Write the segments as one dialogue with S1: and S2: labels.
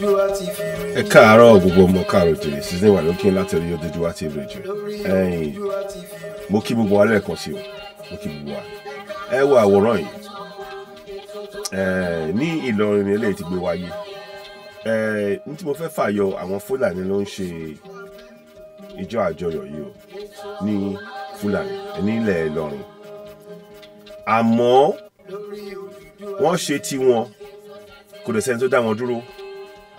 S1: ẹ káàárọ̀ gbogbo ọmọ káàárọ̀ jèrè season wà lókè láti rí Odùduwà TV Radio ẹ̀yin mo kí gbogbo wa lẹ́ẹ̀kan sí o mo kí gbogbo wa ẹ wo àwòrán yìí ní Ìlọrin ni ti gbé wáyé ní tí mo fẹ́ fàyọ àwọn Fúlàní ló ń ṣe ìjọ àjọyọ̀ yìí o ní Fúlàní nílẹ̀ Ìlọrin àmọ́ wọ́n ṣe tiwọn kò dẹ̀ sẹ́ni tó dá wọn dúró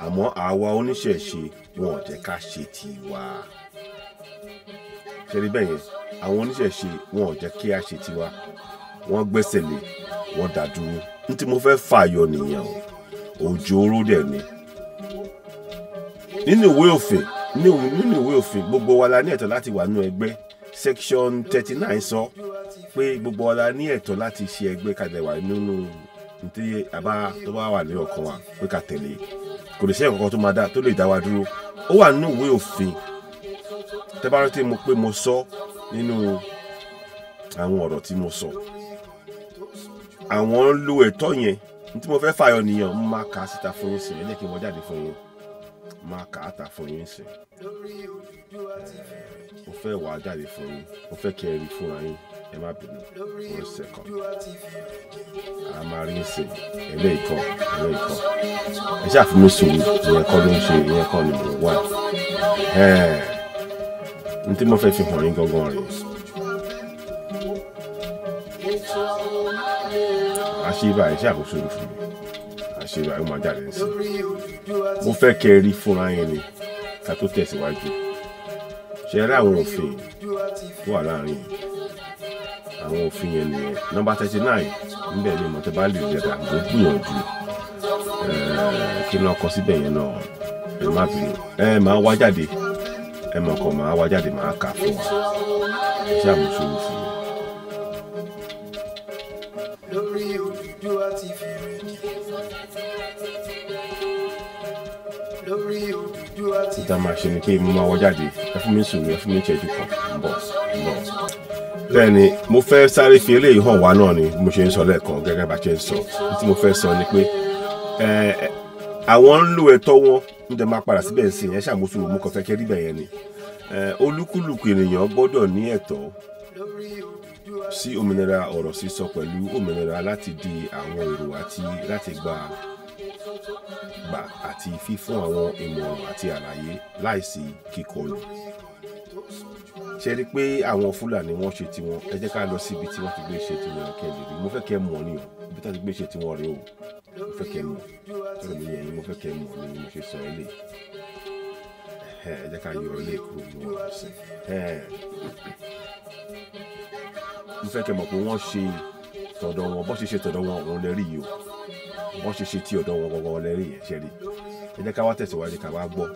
S1: àmọ́ àwa oníṣẹ̀ṣe wọn ò jẹ́ ká ṣe tiwa ṣe rí bẹ́ẹ̀ yẹn àwọn oníṣẹ̀ṣe wọn ò jẹ́ kí a ṣe tiwa wọ́n gbẹ́sẹ̀ lé wọ́n dá dúró ní tí mo fẹ́ fààyọ nìyẹn o òjò oró dẹ̀ ni nínú ìwé òfin nínú ìwé òfin gbogbo wa la ní ẹ̀tọ́ láti wà nínú ẹgbẹ́ section thirty nine sọ pé gbogbo wa la ní ẹ̀tọ́ láti ṣe ẹgbẹ́ ká dẹ̀ wà nínú ní tí a bá tó bá wà ní ọkàn wa pé ká tẹ̀lé kò lè ṣe nǹkan tó máa dá tó lè dá wa dúró ó wà nínú ìwé òfin tẹ́bárẹ́tì mo pé mo sọ nínú àwọn ọ̀rọ̀ tí mo sọ àwọn ń lo ẹ̀tọ́ yẹn tí mo fẹ́ fàyọ nìyẹn mo máa kà á síta fún yín sí ẹ lẹ́kìn wọ́n jáde fún yín máa kà á ta fún yín sí mo fẹ́ wàá jáde fún yín mo fẹ́ kẹ́ ẹ rí fúnra yín ẹ má bínú for a second a máa rí ṣe ẹlẹ́ ìkọ́ ẹlẹ́ ìkọ́ ẹ ṣàfi mí sùn ìyẹn kọ́ ló ń ṣe ìyẹn kọ́ ni mo wà n tí mo fẹ́ fi hàn yín gangan rèé àṣìbà ẹ ṣàkóso ìlú fún mi àṣìbà ẹ máa jáde ní sí mo fẹ́ kẹ́ ẹ rí fúnra yẹn ni ká tó tẹ̀síwájú ṣe rí àwọn òfin tó wà láàrin yìí àwọn òfin yẹn nìyẹn nọ́mbà thirty nine níbẹ̀ ni mọ̀tẹ́bálì ìjẹta mo gbìyànjú kí n náà kọ síbẹ̀ yẹn náà ẹ má bínú ẹ máa wá jáde ẹ mọ̀ kọ́ máa wá jáde máa kà fún wa ẹ ṣáà mo ṣòro fún mi. lórí Odùduwà ti fi rédíò lórí Odùduwà ti fi rédíò. ìta máa ṣe ni pé mo máa wá jáde ẹ fún mi sùn ẹ fún mi ìṣẹ́jú kan ń bọ̀ ń bọ̀ bẹ́ẹ̀ni mo fẹ́ sáré fi eléyìí hàn wá náà ni mo ṣe ń sọ lẹ́ẹ̀kan gẹ́gẹ́ bá ṣe ń sọ tí mo fẹ́ sọ ni pé àwọn ń lo ẹ̀tọ́ wọn ń jẹ máa padà síbẹ̀ sí yẹn ṣàmúṣu mo kàn fẹ́ kẹ́rí bẹ̀yẹn ni olúkúlùkù ènìyàn gbọ́dọ̀ ní ẹ̀tọ́ sí òmìnira ọ̀rọ̀ sísọ pẹ̀lú òmìnira láti di àwọn èrò àti láti gba gbà àti fífún àwọn ìmọ̀ràn àti àlàyé láìsí kíkọlù ṣe rí i pé àwọn fúlàní wọ́n ṣe tiwọn ẹ jẹ́ ká lọ síbi tí wọ́n ti gbé ṣe tiwọn ẹ lè mo fẹ́ kẹ́ mọ̀ ni o ibi tí wọ́n ti gbé ṣe tiwọn rèé o mo fẹ́ kẹ́ mọ̀ sọ̀rọ̀ mi yẹn mo fẹ́ kẹ́ mọ̀ ni mo ṣe sọ ilé ẹ jẹ́ ká yọ ilé kúrò ní wọn sí mo fẹ́ kẹ́ mọ̀ pé wọ́n ṣe tọ̀dọ̀ wọn bọ́ ṣe ṣe tọ̀dọ̀ wọn òun lẹ́rí yìí o wọ́n ṣe ṣe tí ọ̀dọ̀ wọn gbọ́ngàn lẹ́rí yẹn ṣe rí ẹ jẹ́ ká wá tẹ̀síwájú ká wá gbọ́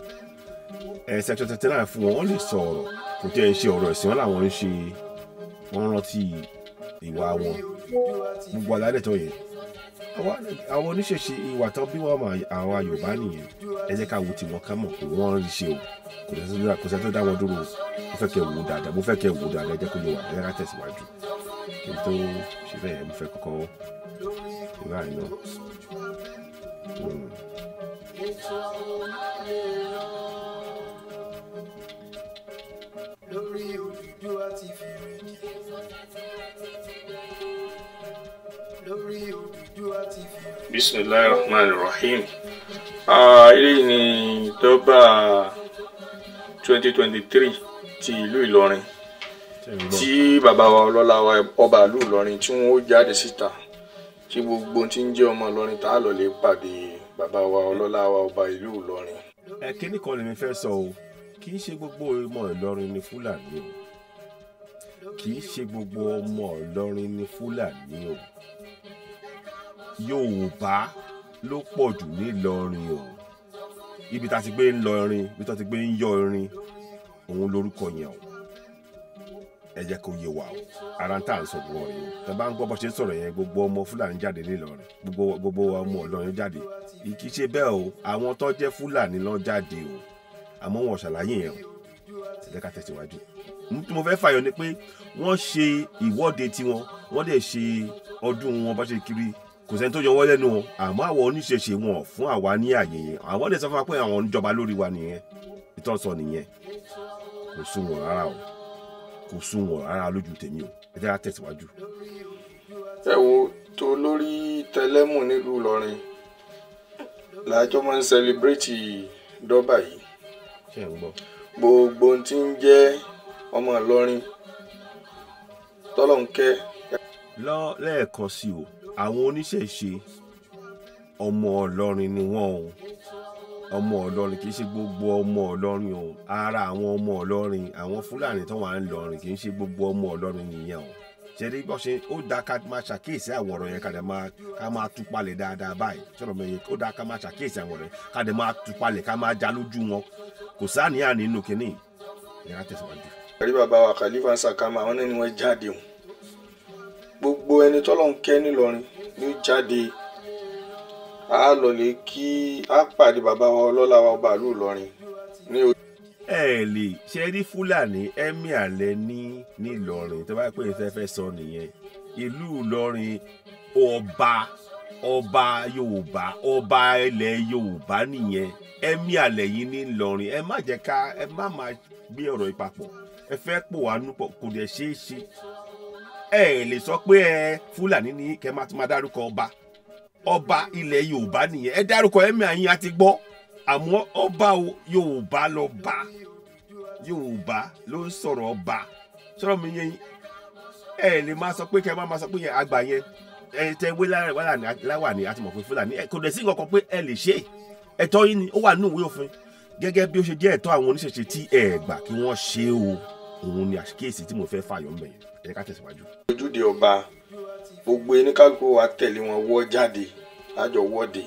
S1: ẹ̀ section thirty fún wọn wọ́n lè sọ̀rọ̀ kò tí ẹ ń ṣe ọ̀rọ̀ ẹ̀sìn wọn làwọn ń ṣe wọn rántí ìwà wọn gbogbo alálẹ̀tọ̀ yẹn àwọn oníṣẹ̀ṣe ìwà tán bí wọ́n mọ àwọn Yorùbá nìyẹn ẹ jẹ́ ká wo tiwọn ká mọ̀ pé wọ́n ń ṣe o kò sẹ́tọ́ dá wọn dúró mo fẹ́ kẹ́ wò dáadáa mo fẹ́ kẹ́ wò dáadáa ẹ jẹ́ kó lè wà ẹ ká tẹ̀síwájú kí n tó ṣe bẹ́ẹ̀ mo fẹ́ kọ́kọ́ ìwà àìná. Mm.
S2: lórí Odùduwà TV rédíò. lórí Odùduwà TV rédíò. bisimilayi rahman rahim eléyìí ni dọ́bà twenty twenty three ti ìlú Ìlọrin tí bàbá wa ọlọ́lá wa ọba ìlú Ìlọrin tí wọ́n ó jáde síta tí gbogbo tí ń jẹ́ ọmọ Ìlọrin tá a lọ lè pàdé bàbá wa ọlọ́lá wa ọba
S1: ìlú Ìlọrin. ẹ kí ni kọ́ni mi fẹ́ sọ o kì í ṣe gbogbo ọmọ Ìlọrin ni Fúlàní o kì í ṣe gbogbo ọmọ Ìlọrin ni Fúlàní o Yorùbá ló pọ̀ jù nílọrin o ibi tá a ti gbé ń lọ irin ibi tá a ti gbé ń yọ irin òun lórúkọ yẹn o ẹ jẹ́ kó yé wa o ara ń tà ń sọ̀rọ̀ wọn yìí o tẹ bá ń gbọ́ bó ṣe ń sọ̀rọ̀ yẹn gbogbo ọmọ Fúlàní jáde nílọrin gbogbo ọmọ Ìlọrin jáde kì í ṣe bẹ́ẹ̀ o àwọn tó jẹ́ Fúlàní ló jáde o àmọ́ wọn ṣàlàyé yẹn o ẹ ká tẹ̀síwájú mo fẹ́ fàyọ ni pé wọ́n ṣe ìwọ́de tiwọn wọ́n dẹ̀ ṣe ọdún wọn bá ṣe kiri kò sẹ́ni tó yọ wọ́n lẹ́nu wọn àmọ́ àwọn oníṣẹ̀ṣe wọn fún àwa ní àyè yẹn àwọn dẹ̀ sọ fún wa pé àwọn ń jọba lórí wa nìyẹn ìtọ́sọ nìyẹn kò sún wọn rárá o kò sún wọn rárá lójú tèmi o ẹ ká tẹ̀síwájú. ẹ wo
S2: tó lórí tẹlẹmù nílùú Ìlọrin làjọ máa ń sẹlẹbírẹ́tì dọ́bà yìí gbogbo ohun tí ń jẹ́ ọmọ ìlọrin tọ́lọ́hún kẹ́.
S1: lọ lẹ́ẹ̀kan sí o àwọn oníṣẹ̀ṣe ọmọ ọlọ́rin ni wọ́n o ọmọ ọlọ́rin kì í ṣe gbogbo ọmọ ọlọ́rin o ara àwọn ọmọ ọlọ́rin àwọn fúlàní tó wà ń lọrin kì í ṣe gbogbo ọmọ ọlọ́rin nìyẹn o ṣẹlẹ bó ṣe ó dáa ká máa ṣàkíyèsí àwọn ọ̀rọ̀ yẹn ká dẹ̀ máa ká máa tú palẹ̀ dáadáa báyìí sọ̀rọ̀ mẹ́yẹ ó dáa ká máa ṣàkíyèsí àwọn ọ̀rọ̀ yẹn ká dẹ̀ máa tú palẹ̀ ká máa já lójú wọn kò sáàníyàn nínú kínní ni a tẹ̀síwájú. àrí
S2: bàbá wa Khalifa Sakama àwọn náà ni wọ́n jáde o gbogbo ẹni tọ́lọ́ ń kẹ́ nílọrin ló jáde a lọ lè kí a pàdé bàbá wa ọlọ́lá wa ọba ìlú Ìlọrin
S1: ní ojú ẹ lè ṣe rí fúlàní ẹmí àlẹ ní nílọrin tó bá pè é fẹ́ fẹ́ sọ nìyẹn ìlú ìlọrin ọba ọba yorùbá ọba ilẹ̀ yorùbá nìyẹn ẹ̀mí àlẹ̀ yìí ní ìlọrin ẹ má jẹ́ ká ẹ má máa gbé ọ̀rọ̀ yìí papọ̀ ẹ fẹ́ pò wá núpọ̀ kò dẹ̀ ṣeé ṣe ẹ lè sọ pé ẹ fúlàní ni kẹ má ti máa dárúkọ ọba ọba ilẹ̀ yorùbá nìyẹn ẹ dárúkọ ẹ̀mí àyín àti gbọ́ àmọ́ ọba yorùbá lọ bá yorùbá ló ń sọ̀rọ̀ ọba sọ̀rọ̀ mi yẹn ẹ lè máa sọ pé kẹ má máa sọ pé yẹn àgbà yẹn tẹ wé láwà ní àti mọ̀fin fúlàní kò dẹ̀ sí nǹkan kan pé ẹ lè ṣe ẹ̀tọ́ yín ni ó wà nínú ìwé òfin gẹ́gẹ́ bí ó ṣe jẹ́ ẹ̀tọ́ àwọn oníṣẹ̀ṣe tí ẹ gbà kí wọ́n ṣe o òun ni àṣìkíyèsí tí mo fẹ́ fàyọ̀ ń bẹ̀yẹn ẹ ká tẹ̀síwájú.
S2: ojúde ọba gbogbo oníkálukú wa tẹ̀lé wọn wọ́ jáde lájọ wọ́de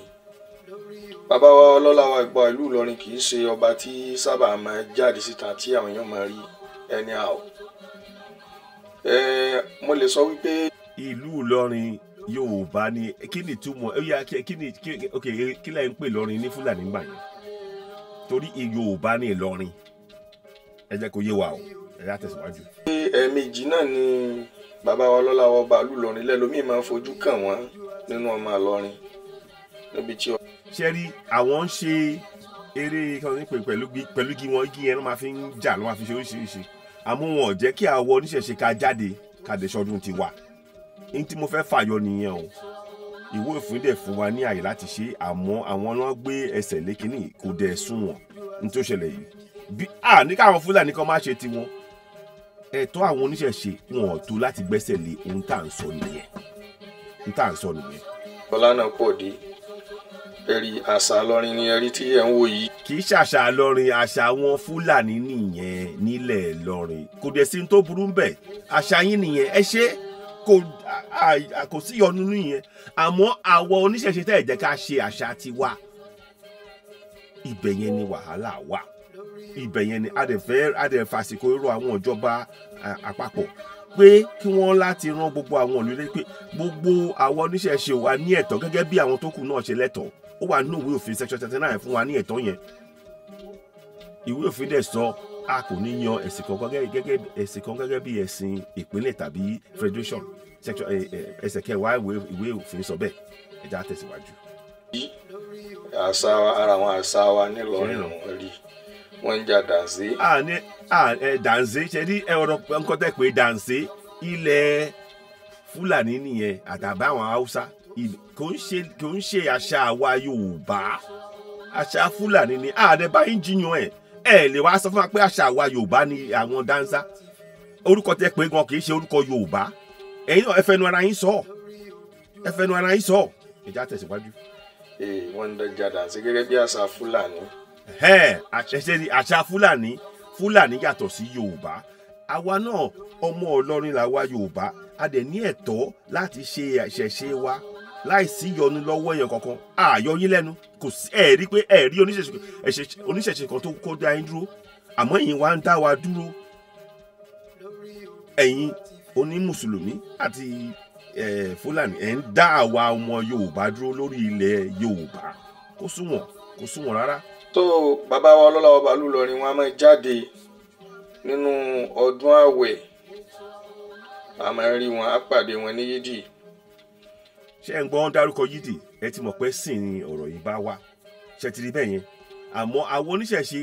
S2: bàbá wa ọlọ́lá wa ìgbà ìlú Ìlọrin kì í ṣe ọba tí sábà máa jáde síta tí àwọn èèyàn máa rí ẹni
S1: àwọ̀ mo lè sọ wípé. ìlú Ìlọrin yorùbá ni kí ni túmọ̀ ó yà kí ni ok kí lẹ́yìn pè lọ́rin ní fúlàní gbà yẹn torí yorùbá ni ìlọrin ẹ jẹ́ kó yé wa o ẹ yà tẹ̀síwájú.
S2: ẹ̀ẹ̀mejì náà ni bàbá wa lọ́láwọ́ bàálù lọ́rin lẹ́lómi máa ń fojú
S1: kàn wọ́n nínú ọmọ àlọ́rin níbi tí. ṣe rí àwọn ń ṣe eré pẹ̀lú igi wọn igi yẹn ló máa fi ń jà ló máa fi ṣe oríṣiríṣi àmọ́ wọn ò jẹ́ kí àwọ oníṣẹ̀ṣe ká jáde ká dé sọdún tiwa ní tí mo fẹ́ fàyọ nìyẹn o ìwé òfin dẹ̀ fún wa ní àyè láti ṣe àmọ́ àwọn náà gbé ẹsẹ̀ lékinní kò dẹ̀ sún wọn ní tó ṣẹlẹ̀ yìí bí a ní káwọn fúlàní kan má ṣe tiwọn ẹ̀tọ́ àwọn oníṣẹ̀ṣe wọn ò tó láti gbẹ́sẹ̀ lé ohun tá à ń sọ nìyẹn ohun tá à ń sọ nìyẹn. ọlànà pọ̀ di ẹ̀rí àṣà lọ́rin ni ẹ̀rí tí ẹ̀ ń wò yìí. kì í ṣàṣà lọ́rin àṣà wọn fúlàní nìyẹn nílẹ̀ lọ́rin kò dẹ̀ sí ní tó burú ń bẹ̀ àṣà yín nìyẹn ẹ ṣe é kò sí ìyọnu nínú yẹn àmọ́ àwọ oníṣẹ̀ṣe tẹ́ ẹ̀ jẹ́ ká ṣe àṣà tiwa ibẹ̀ yẹn ni wàhálà wà ibẹ̀ yẹn ni adẹ̀fẹ́ adẹ̀fàsìkò irú àwọn ìjọba àpapọ̀ pé kí wọ́n láti ran gbogbo àwọn ìlú pé gbogbo àwọn oníṣẹ̀ṣe wa ní ẹ̀tọ́ gẹ́gẹ́ bí àwọn tó kù náà ṣe lẹ́tọ̀ọ́ ó wà nínú ìwé òfin section thirty nine fún wa ní ẹ̀tọ́ yẹn ìwé òfin dẹ̀ sọ a kò ní yan ẹ̀sìn kan gẹ́gẹ́ ẹ̀sìn kan gẹ́gẹ́ bí ẹ̀sìn ìpínlẹ̀ tàbí federation eh, eh, ẹsẹ̀ kẹwàá ìwé òfin sọ bẹ́ẹ̀ ẹ̀já tẹ̀síwájú.
S2: àṣà ara àwọn àṣà wa nílọrin rí
S1: wọ́n ń ja dànzé. a ní dànzé ṣe ní ọ̀rọ̀ nǹkan tẹ́ pé dànzé ilẹ̀ fúlàní nìyẹn àtàbá àwọn haúsá kò ń ṣe àṣà àwa yorùbá àṣà fúlàní ni àdẹ́báyé jiyàn ẹ̀ ẹ lè wá sọ fún wa pé àṣà àwa yorùbá ni àwọn dáńsá orúkọ tẹ pé gan kì í ṣe orúkọ yorùbá ẹ̀yin náà ẹ fẹnu ara yín sọ ẹ fẹnu ara yín sọ ìjà tẹsíwájú.
S2: ee wọn ń dọjà dànsí gẹ́gẹ́ bí àṣà fúlàní.
S1: àṣà fúlàní fúlàní yàtọ̀ sí yorùbá àwa náà ọmọ ọlọ́rin làwa yorùbá a dẹ̀ ní ẹ̀tọ́ láti ṣe àṣẹṣe wa láìsí ìyọnu lọ́wọ́ èèyàn kankan ààyò yín lẹ́nu kò sí ẹ̀ rí pé ẹ̀ rí oníṣẹ̀ṣe kan tó kó dá yín dúró àmọ́ ẹ̀yin wá ń dá wa dúró ẹ̀yin onímùsùlùmí àti fúlàní ẹ̀ ń dá àwa ọmọ yorùbá dúró lórí ilẹ̀ yorùbá kó súnwọ̀n kó súnwọ̀n rárá.
S2: tó bàbá wa ọlọ́láwọ́ bàálù lọ́rin wọn a máa jáde nínú ọdún ààwẹ̀ a máa rí wọn á pàdé wọn ní yídì.
S1: ṣé ẹ̀ ń gbọ́ ń dárúkọ yídì ẹ ti mọ̀ pé ni ọ̀rọ̀ yìí bá wá ṣe ti rí bẹ́ẹ̀ yẹn àmọ́ àwọn oníṣẹ̀ṣe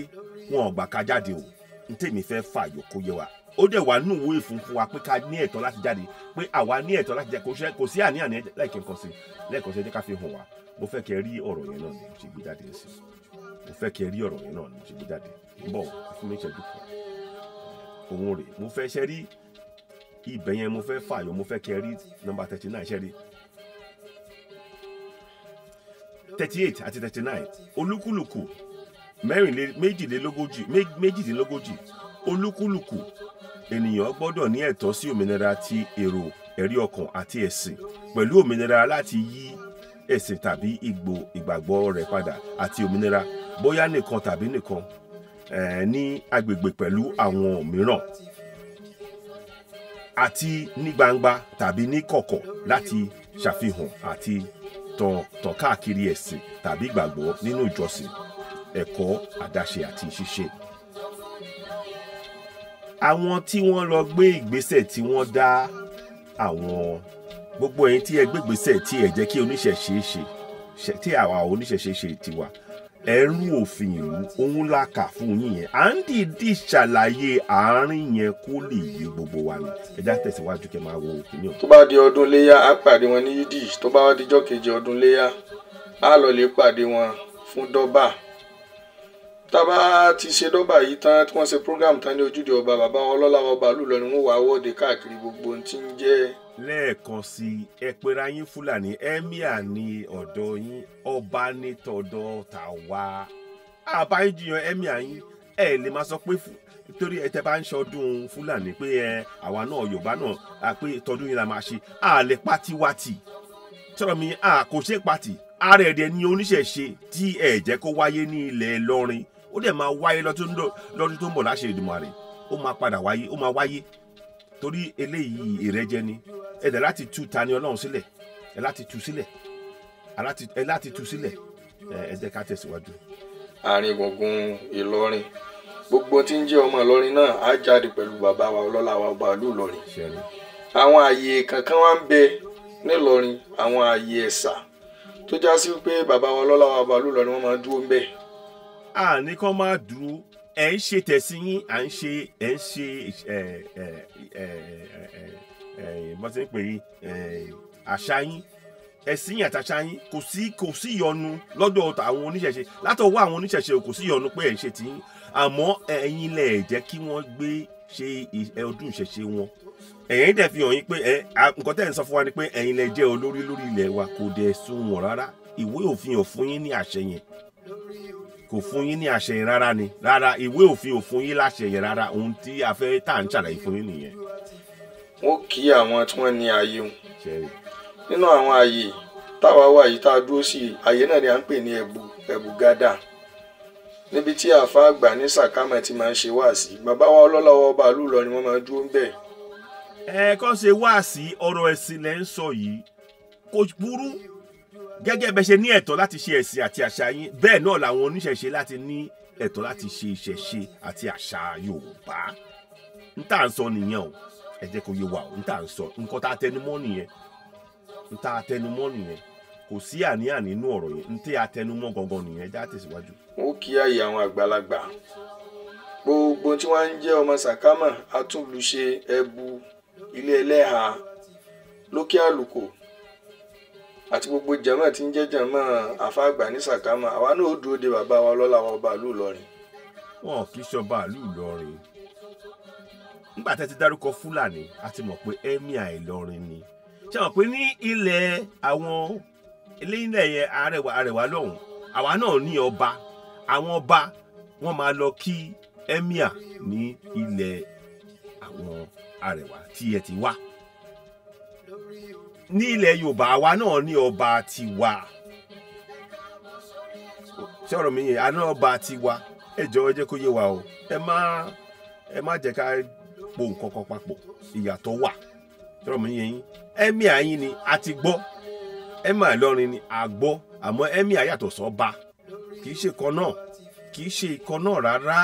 S1: wọn o ntẹ̀mí fẹ́ fà yòókù yé wa ó dẹ̀ wá nù wúwo ìfún fún wa pé ká ní ẹ̀tọ́ láti jáde pé àwa ní ẹ̀tọ́ láti jáde kò sí àní àní fi hàn wá mo fẹ́ kẹ́ rí ọ̀rọ̀ yẹn náà ní ṣe gbé jáde sí mo fẹ́ kẹ́ rí ọ̀rọ̀ yẹn náà ní ṣe gbé jáde ń bọ̀ fún mi ìṣẹ́jú kan òun rè mo fẹ́ ṣe rí ibẹ̀ yẹn mo thirty eight àti thirty nine olúkúlùkù méjìlélógójì méjìdínlógójì olúkúlùkù ènìyàn gbọ́dọ̀ ní ẹ̀tọ́ sí òmìnira ti èrò ẹ̀rí ọkàn àti ẹ̀sìn pẹ̀lú òmìnira láti yí ẹ̀sìn tàbí ìgbò ìgbàgbọ́ rẹ̀ padà àti òmìnira bóyá nìkan tàbí nìkan ní agbègbè pẹ̀lú àwọn mìíràn àti ní gbangba tàbí ní kọ̀kọ̀ láti ṣàfihàn àti tàn tàn káàkiri ẹ̀sìn tàbí ìgbàgbọ́ nínú ìjọsìn ẹ̀kọ́ àdáṣe àti ṣíṣe. àwọn tí wọ́n lọ gbé ìgbésẹ̀ tí wọ́n dá àwọn gbogbo ẹ̀yin tí ẹ gbé ìgbésẹ̀ tí ẹ jẹ́ kí oníṣẹ̀ṣe ṣe tí àwa oníṣẹ̀ṣe ṣe tiwa ẹrú òfin ìlú òun la kà fún yín yẹn à ń dìídì ṣàlàyé àárín yẹn kó lè yé gbogbo wa ni ẹja tẹ̀síwájú kẹ́ máa wo kìnìún.
S2: tó bá di ọdún léyà á pàdé wọn ní yídì tó bá dijọ́ kejì ọdún léyà á lọ lè pàdé wọn fún dọ́bà tábà ti ṣe dọ́bà yìí tán tí wọ́n ṣe program tán ní ojúde ọba bàbá wọn lọ́la wọn bàálù lọ ni wọ́n wà wọ́de káàkiri
S1: gbogbo ohun tí ń jẹ́. lẹ́ẹ̀kan sí ẹ pera yín fúlàní ẹ́míà ní ọ̀dọ̀ yín ọba ní tọ̀dọ̀ tàwa àbáyé jiyàn ẹ́míà yín ẹ lè máa sọ pé torí ẹ tẹ bá ń ṣọdún fúlàní pé ẹ àwa náà yorùbá náà à tọdún yìí la máa ṣe à lè patiwati sọ̀rọ̀ mi à kò ṣe pati ara ẹ̀dẹ̀ ni oníṣẹ̀ṣe tí ẹ jẹ́ kó wáyé ní ilẹ̀ lọ́rin ó dẹ̀ máa wáyé lọ́dún tó ń bọ̀ láṣẹ Èdùmàrè ó máa padà wáyé ó máa wáyé torí eléyìí ìrẹ́jẹ ni ẹ dẹ̀ láti tú ta ni Ọlọ́run sílẹ̀ ẹ láti tú sílẹ̀ ẹ láti tú sílẹ̀ ẹ jẹ́ ká tẹ̀síwájú.
S2: àárín gbùngbùn Ìlọrin gbogbo tí ń jẹ́ ọmọ Ìlọrin náà á jáde pẹ̀lú bàbá wa ọlọ́lá wa ọba ìlú Ìlọrin àwọn ààyè kankan wá ń bẹ nílọrin àwọn ààyè ẹ̀sà tó já sí pé bàbá wa ọlọ́lá wa ọba Ìlọrin wọ́n máa dúró ń bẹ́ẹ̀
S1: àní kán máa dúró ẹ̀ ń ṣe tẹ̀sí yín à ń ṣe ẹ̀ ń ṣe bó ti ń pè é àṣà yín ẹ̀sìn yín àtàṣà yín kò sí kò sí ìyọnu lọ́dọ̀ àwọn oníṣẹ̀ṣe látọwọ́ àwọn oníṣẹ̀ṣe kò sí ìyọnu pé ẹ̀ ń ṣe tiyín àmọ́ ẹ̀yin lẹ̀ jẹ́ kí wọ́n gbé ṣe ọdún ìṣẹ̀ṣe wọn ẹ̀yin dẹ̀ fi hàn yín pé ẹ nǹkan tẹ́ ẹ̀ ń sọ fún wa ni pé ẹ̀yin lẹ jẹ́ olórí lórí ilẹ̀ wa kò dẹ̀ sunwọ̀n rárá ìwé òfin ò fún yín ní àṣẹ yẹn. lórí kò fún yín ní àṣẹ yẹn rárá ni rárá ìwé òfin ò fún yín láṣẹ yẹn rárá ohun tí a fẹ́ tá à ń ṣàlàyé fún yín nìyẹn.
S2: wọ́n kí àwọn tí wọ́n ní ààyè o nínú àwọn ààyè táwa wà yìí tá a dúró sí ààyè náà ni à ń pè ní ẹ̀bù ẹ̀bù gádà níbi tí àfa àgbà ní sàkámà ti máa ń ṣe wáàsí bàbá wa ọlọ́lọ́wọ́ ọba àlú lọ ni wọ́n máa
S1: dúró ń bẹ̀. ẹ kọ́ ṣe wáàsí ọ̀rọ̀ ẹ̀sìn lẹ́ ń sọ yìí kò burú gẹ́gẹ́ bẹ́ ṣe ní ẹ̀tọ́ láti ṣe ẹ̀sìn àti àṣà yín bẹ́ẹ̀ náà làwọn oníṣẹ̀ṣe láti ní ẹ̀tọ́ láti ṣe ìṣẹ̀ṣe àti àṣà Yorùbá n tà ń sọ nìyẹn o ẹ jẹ́ kó yé wa o n tà ń sọ nǹkan tá a tẹnumọ́ nìyẹn n tá a tẹnumọ́ nìyẹn kò sí àníàní inú ọ̀rọ̀ yẹn n tẹ́ a tẹnumọ́ gangan nìyẹn já tẹ̀síwájú. mo
S2: kí àyè àwọn àgbàlagbà gbogbo tí wọ́n ń jẹ́ ọmọ sàkámà atúnlùṣe ẹbu ilé ẹlẹ́hàá lókè àlùkò àti gbogbo jẹ̀mọ́ tí ń jẹ́ jẹ̀mọ́ àfáàgbà ní sàkámà àwa náà ó dúró de bàbá wa lọ́la wa
S1: ọba ìlú Ìlọrin. wọn kì í ṣọba ìlú Ìlọrin nígbà tẹ́ ti dárúkọ Fúlàní a ti mọ̀ pé emir Ìlọrin ni ṣe mọ̀ pé ní ilẹ̀ àwọn eléyìnlẹ̀ yẹn arẹwà arẹwà lọ́hùn àwa náà ní ọba àwọn ọba wọn máa lọ kí emir ní ilẹ̀ àwọn arẹwà tí ẹ ti wá ní ilẹ̀ Yorùbá wa náà ní ọba tiwa ṣé ọ̀rọ̀ mi yẹn àná ọba tiwa ẹ jọ̀ọ́ ẹ jẹ́ kó yé wa o ẹ má ẹ má jẹ́ ká po nǹkan kan papọ̀ ìyàtọ̀ wà ṣé ọ̀rọ̀ mi yẹn yín ẹ̀mí àyín ni a ti gbọ́ ẹ̀mí àlọ́rin ni a gbọ́ àmọ́ ẹ̀mí àyàtọ̀ sọ́ba kì í ṣe kan náà kì í ṣe ìkan náà rárá.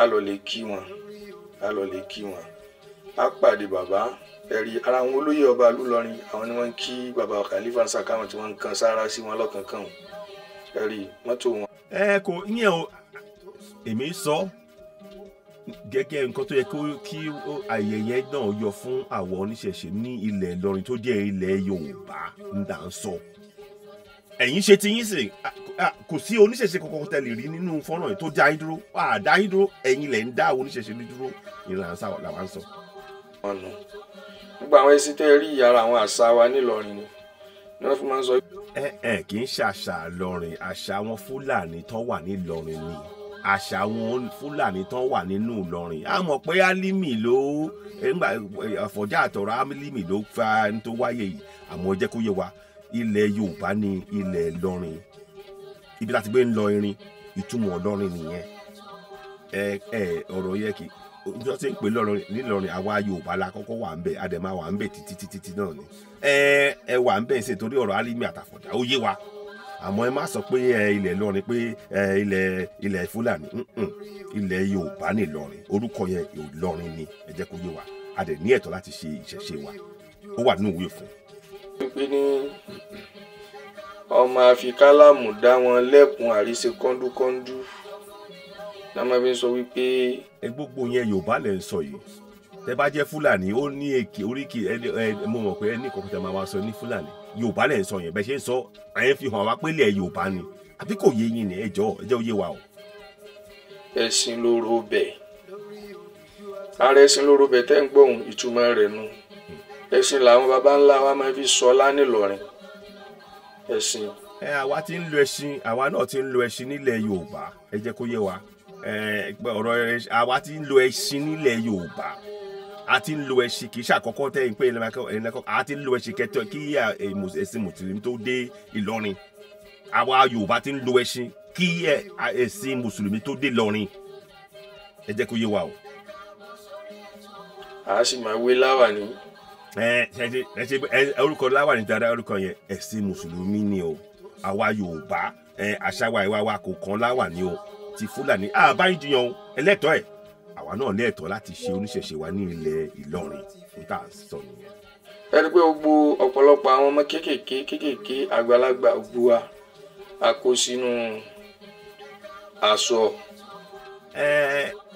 S1: a lọ lè kí wọn
S2: a lọ lè kí wọn a pàdé bàbá ẹ̀rí ara àwọn olóyè ọba lùlọrin àwọn ni wọ́n ń kí bàbá Khalifa Saka àwọn tí wọ́n ń kan sára sí wọn lọ́kànkàn ẹ̀rí mọ́tò wọn.
S1: ẹ kò yẹn o èmi sọ gẹ́gẹ́ nǹkan tó yẹ kí àyè náà yọ fún àwọn oníṣẹ̀ṣe ní ilẹ̀ Ìlọrin tó jẹ́ ilẹ̀ Yorùbá ń dà ń sọ ẹ̀yin ṣe ti yín sè kò sí oníṣẹ̀ṣe kankan tẹ̀lé rí nínú fọ́nrán yìí tó dá yín dúró àdá yín dúró ẹ̀yin lẹ̀ ń dá oníṣẹ̀ṣe dúró ìlànà làwọn sọ
S2: gbogbo àwọn ẹṣin tẹ́ ẹ rí ara àwọn àṣà wa
S1: nílọrin ni ni wọ́n fi máa ń sọ. ẹ ẹ kì í ṣàṣà lọrin àṣà àwọn fúlàní tán wà nílọrin ni àṣà àwọn fúlàní tán wà nínú ìlọrin a mọ̀ pé alimi ló nígbà àfọ̀já àtọ̀rọ̀ alimi ló fa tó wáyé yìí àmọ́ jẹ́ kó yé wa ilẹ̀ yorùbá ni ilẹ̀ ìlọrin ibi láti gbé ń lọ irin ìtumọ̀ ọlọ́rin nìyẹn ẹ ẹ ọ̀rọ̀ yẹ kì ìjọ tí ń pè lọ́rin nílọrin àwa Yorùbá la kọ́kọ́ wà ń bẹ̀ àdèmá wà ń bẹ̀ títí títí títí náà ni ẹ ẹ wà ń bẹ̀ ṣe torí ọ̀rọ̀ Alimi àtàfọ̀dá ó yé wa àmọ́ ẹ má sọ pé ilẹ̀ lọ́rin pé ilẹ̀ ilẹ̀ Fúlàní ilẹ̀ Yorùbá ni lọ́rin orúkọ yẹn lọ́rin ni ẹ jẹ́ kó yé wa a dẹ̀ ní ẹ̀tọ́ láti ṣe ìṣẹ̀ṣe wa ó wà nínú ìwé òfin.
S2: ọmọ àfikálàmù dá wọn lẹ́kùn àríṣe
S1: kọ́ńdúkọ́ńdú la máa fi sọ wípé. ẹ gbogbo yẹn yorùbá lẹ ń sọ yìí tẹ bá jẹ fúlàní ó ní èkì oríkì ẹ ẹ mo mọ pé ẹ ní kọkọtà máa wá sọ ní fúlàní yorùbá lẹ ń sọ yẹn bẹ ṣe ń sọ àyẹn fi hàn wá pé ilẹ̀ yorùbá ni àbí kò yé yín ni ẹ jọ ẹ jẹ ó wa o.
S2: ẹ̀sìn lóró bẹ̀ ara ẹ̀sìn lóró bẹ̀ tẹ́ ń gbóhùn ìtumọ̀ rẹ̀ nu ẹ̀sìn làwọn baba ńlá wa máa fi sọ lánìlọrin
S1: ẹ̀sìn. ẹ àwa ti ń lo ẹṣin àwa náà ti ń lo ẹṣin nílẹ̀ yorùbá ẹ jẹ́ kó yé wa ọ̀rọ̀ àwa ti ń lo ẹṣin nílẹ̀ Yorùbá a ti ń lo ẹṣin kì í ṣàkọ́kọ́ tẹ́ ẹ pé ẹnìkan a ti ń lo ẹṣin kẹtọ kí ẹ̀sìn mùsùlùmí tó dé Ìlọrin àwa Yorùbá ti ń lo ẹṣin kí ẹ̀sìn mùsùlùmí tó dé Ìlọrin ẹ jẹ́ kó yé wa o. a sì máa wé láwàní. ẹ ṣe ẹ ṣe orúkọ láwàní dáadáa orúkọ yẹn ẹ̀sìn mùsùlùmí ni o àwa Yorùbá àṣà wa ìwà wa kò kàn láwàní o ti fúlàní àbá ń jiyàn o ẹlẹ́tọ̀ọ́ ẹ̀ àwa náà ní ẹ̀tọ́ láti ṣe oníṣẹ̀ṣe wa ní ilẹ̀ ìlọrin ní tá à sọ nìyẹn. ẹ rí i pé gbogbo
S2: ọ̀pọ̀lọpọ̀ àwọn ọmọ kéékèèké kéékèèké àgbàlagbà gbogbo wa a kó sínú
S1: aṣọ. ẹ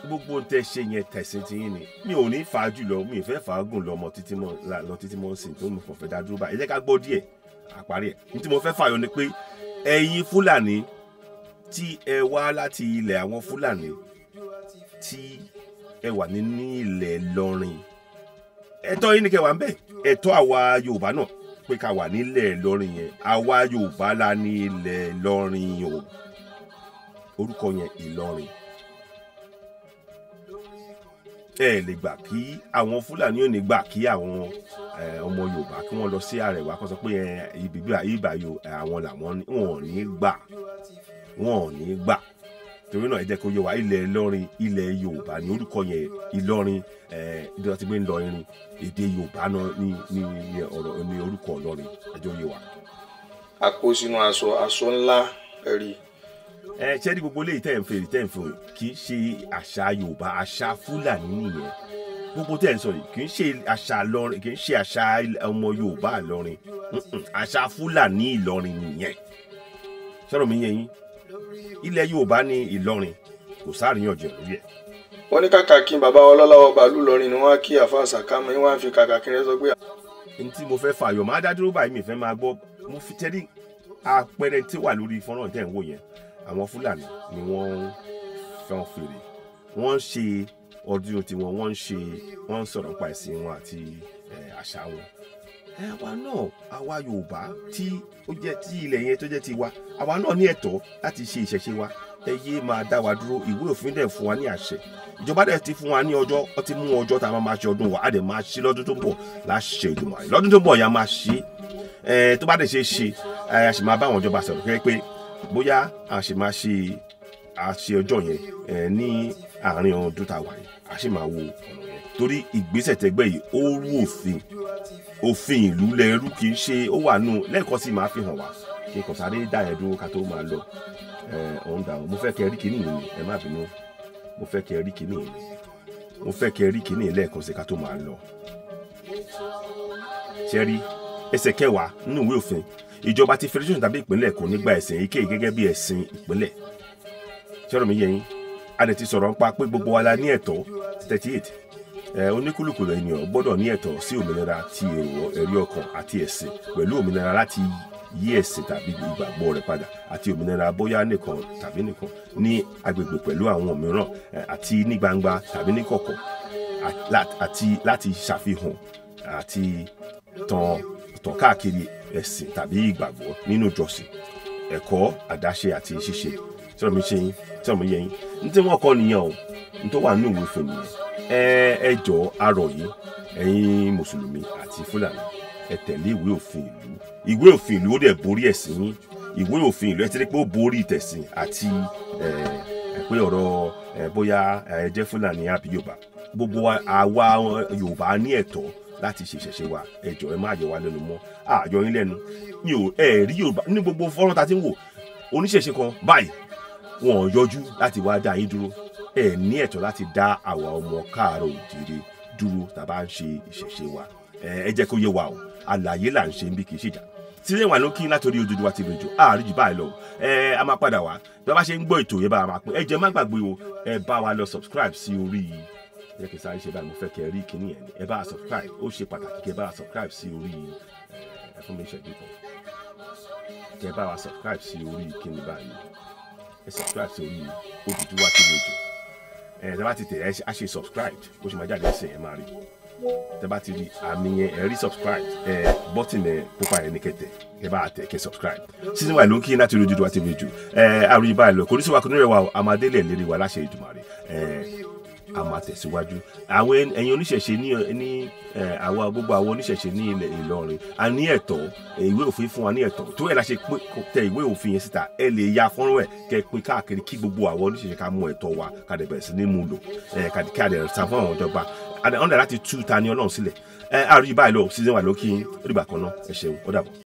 S1: gbogbo tẹ ṣe yẹn tẹ̀sìn tí yín ni mi ò ní fà á jùlọ mi ì fẹ́ fà á gùn lọ́mọ títí mọ́ lọ títí mọ́ sí tó ń fọ̀fẹ́ dá dúró báyìí ẹ jẹ́ ká gbọ́ díẹ̀ àparí ẹ̀ ní tí mo fẹ́ fààyàn tí ẹ wá láti ilẹ̀ àwọn Fúlàní tí ẹ wà nínú ilẹ̀ lọ́rin ẹ̀tọ́ yín ni kẹ́ wà ń bẹ̀ ẹ̀tọ́ àwa Yorùbá náà pé ká wà nílẹ̀ lọ́rin yẹn àwa Yorùbá la ní ilẹ̀ lọ́rin o orúkọ yẹn Ìlọrin ẹ lè gbà kí àwọn fúlàní ò ní gbà kí àwọn ọmọ yorùbá kí wọn lọ sí àrẹwà kó sọ pé ibi bíbá yìí báyò àwọn làwọn ò ní gbà wọn ò ní gbà torí náà ẹ jẹ́ kó yé wa ilẹ̀ ìlọrin ilẹ̀ yorùbá ni orúkọ yẹn ìlọrin ìdíwọ́n ti gbé ń lọ irin èdè yorùbá náà ní ọ̀rọ̀ ní orúkọ ìlọrin ẹ jẹ́ yé wa. a kó sínú aṣọ aṣọ ńlá rí. ẹ ṣé ní gbogbo eléyìí tẹ̀ ń fèrè tẹ̀ ń fò kì í ṣe àṣà yorùbá àṣà fúlàní nìyẹn gbogbo tẹ̀ ń sọ yìí kì í ṣe àṣà lọrin kì í ṣe àṣà ọmọ yorùbá lọrin àṣà fúlàní ìlọrin nìyẹn sọ̀rọ̀ mi yẹn yín ilẹ̀ yorùbá ní ìlọrin kò sáàríyànjiyàn lórí ẹ̀. wọ́n ní kàkà kí
S2: bàbá ọlọ́láwọ́
S1: bàálù lọ́rin ni wọ́n á kí àfa àṣàkámọ́ ni wọ́n á fi kàkà kí rẹ́ sọ pé. n tí mo fẹ́ fààyàn máa dá dúró báyìí mi fẹ́ máa gbọ́ mo fi tẹ́lí àpẹẹrẹ tí wà lórí fọ́nrán tẹ̀ ń wò yẹn àwọn fúlàní ni wọ́n ń fẹ́ fèrè wọ́n ń ṣe ọdún tiwọn wọ́n ń ṣe wọ́n sọ̀rọ̀ nípa ẹ̀sìn wọn àti àṣà wọn àwa náà àwa Yorùbá tí ó jẹ́ ti ilẹ̀ yẹn tó jẹ́ ti wa àwa náà ní ẹ̀tọ́ láti ṣe ìṣẹ̀ṣe wa ẹ yé máa dá wa dúró ìwé òfin dẹ̀ fún wa ní àṣẹ ìjọba dẹ̀ ti fún wa ní ọjọ́ ó ti mú ọjọ́ tá a máa ṣe ọdún wa á dẹ̀ máa ṣe lọ́dún tó ń bọ̀ láṣẹ ìdùnmọ̀ àyè lọ́dún tó ń bọ̀ ya máa ṣe é tó bá dẹ̀ ṣe ṣe a sì máa bá àwọn ìjọba sọ̀rọ̀ kẹ́ pé bóyá a máa ṣe àṣe ọjọ́ yẹn ní àárín ọdún tá a wà yìí a máa wo torí ìgbésẹ̀ tẹ́gbẹ́ yìí ó rú òfin òfin ìlú lẹ́rú kì í ṣe ó wà nù lẹ́ẹ̀kan sí máa fi hàn wá kí n kàn sáré dá yẹn dúró ká tó máa lọ ọ̀hún dà mo fẹ́ kẹ́ rí kíní yìí ẹ má bínú mo fẹ́ kẹ́ rí kíní yìí mo fẹ́ kẹ́ rí kíní yìí lẹ́ẹ̀kan sí ká tó máa lọ. ṣẹ́rí ẹsẹ̀ kẹwàá nínú ìwé òfin ìjọba ti federation tàbí ìpínlẹ̀ kò ní gba ẹ̀sìn èyíkéyìí gẹ́gẹ́ bí ẹ̀sìn ìpínlẹ̀ ṣẹ́rọ̀ mi yẹ yín a dẹ̀ ti sọ̀rọ̀ ń pa pé gbogbo wa la ní ẹ̀tọ́ thirty eight oníkúlùkù ẹni ọ̀ gbọ́dọ̀ ní ẹ̀tọ́ sí òmìnira ti èrò ẹ̀rí ọkàn àti ẹ̀sìn pẹ̀lú òmìnira láti yí ẹ̀sìn tàbí ìgbàgbọ́ rẹ̀ padà àti òmìnira bóyá nìkan tàbí nìkan ní agbègbè pẹ̀lú àwọn mìíràn àti ní gbangba tàbí ní kọ̀kọ̀ àti láti ṣàfihàn àti tàn tàn káàkiri ẹ̀sìn tàbí ìgbàgbọ́ nínú ìjọsìn ẹ̀kọ́ àdáṣe àti ṣíṣe tí wọ́n mi ṣe yín tí wọ́n mi yẹ yín ní tí wọ́n kọ́ nìyẹn o ní tó wà nínú ìwé òfin nìyẹn ẹ ẹ jọ arọ yìí ẹ̀yin mùsùlùmí àti fúlàní ẹ tẹ̀lé ìwé òfin ìlú ìwé òfin ìlú ó dẹ̀ borí ẹ̀sìn yín ìwé òfin ìlú ẹ ti rí pé ó borí ìtẹ̀sìn àti ẹ pé ọ̀rọ̀ wa ẹ ẹ má yọ wá lẹ́nu mọ́ àyọ yín lẹ́nu ẹ rí yorùbá ní gbogbo fọ́nrán ti ń wò oníṣẹ̀ṣe kan báyìí wọn ò yọjú láti wá dá yín dúró ẹ ní ẹ̀tọ́ láti dá àwa ọmọ káàárọ̀ òjìire dúró tàbá ń ṣe ìṣẹ̀ṣe wa ẹ jẹ́ kó yé wa o àlàyé là ń ṣe ń bí kì í ṣèjà sílẹ̀ wà lókì látòrí Odùduwà TV àárín jù báyìí lọ ẹ a máa padà wá bí a bá ṣe ń gbọ́ ètò yẹn bá a máa pín ẹ jẹ́ má gbàgbé o ẹ bá wa lọ subscribe sí orí ẹ kì í sáré ṣe báyìí mo fẹ́ kẹ́ rí kíní yẹn ẹ bá a subscribe ó ṣe pàtàkì kẹ́ bá a subscribe sí orí ẹ fún mi ṣẹ́jú kan kẹ́ bá wa subscribe sí orí kíní báyìí ẹ subscribe sí orí Òkìtì wa TV méjì ẹ tẹ bá ti tẹ ẹ á ṣe subscribe bó ṣe máa jáde ẹsẹ ẹ máa rí tẹ bá ti rí àmì yẹn ẹ rí subscribe ẹ bọ́tìn ẹ pupa ẹ ní kẹtẹ ẹ bá tẹ kẹ subscribe sínú wa ló ń kí láti rí Òkìtì wa TV méjì ẹ àrùn ìbáraẹlò kò ní sọ wa kò ní rẹwà àmàdélé lérí wa láṣẹ Èdùmàrè ẹ a máa tẹ̀síwájú àwọn ẹ̀yin oníṣẹ̀ṣe ní ní àwa gbogbo àwọn oníṣẹ̀ṣe ní ilẹ̀ Ìlọrin a ní ẹ̀tọ́ ìwé òfin fún wa ní ẹ̀tọ́ tó ẹ̀ la ṣe pé tẹ ìwé òfin yẹn síta ẹ lè ya fọ́nrán ẹ̀ kẹ pé káàkiri kí gbogbo àwọn oníṣẹ̀ṣe ká mú ẹ̀tọ́ wa ká dẹ̀ bẹ̀rẹ̀ sí ní mú lò kí a dẹ̀ san fún àwọn ìjọba ọ̀nà láti tú ta ní Ọlọ́run sílẹ̀ àrùn yìí báyìí lọ season one lókì ó dìgbà kan náà ẹ ṣeun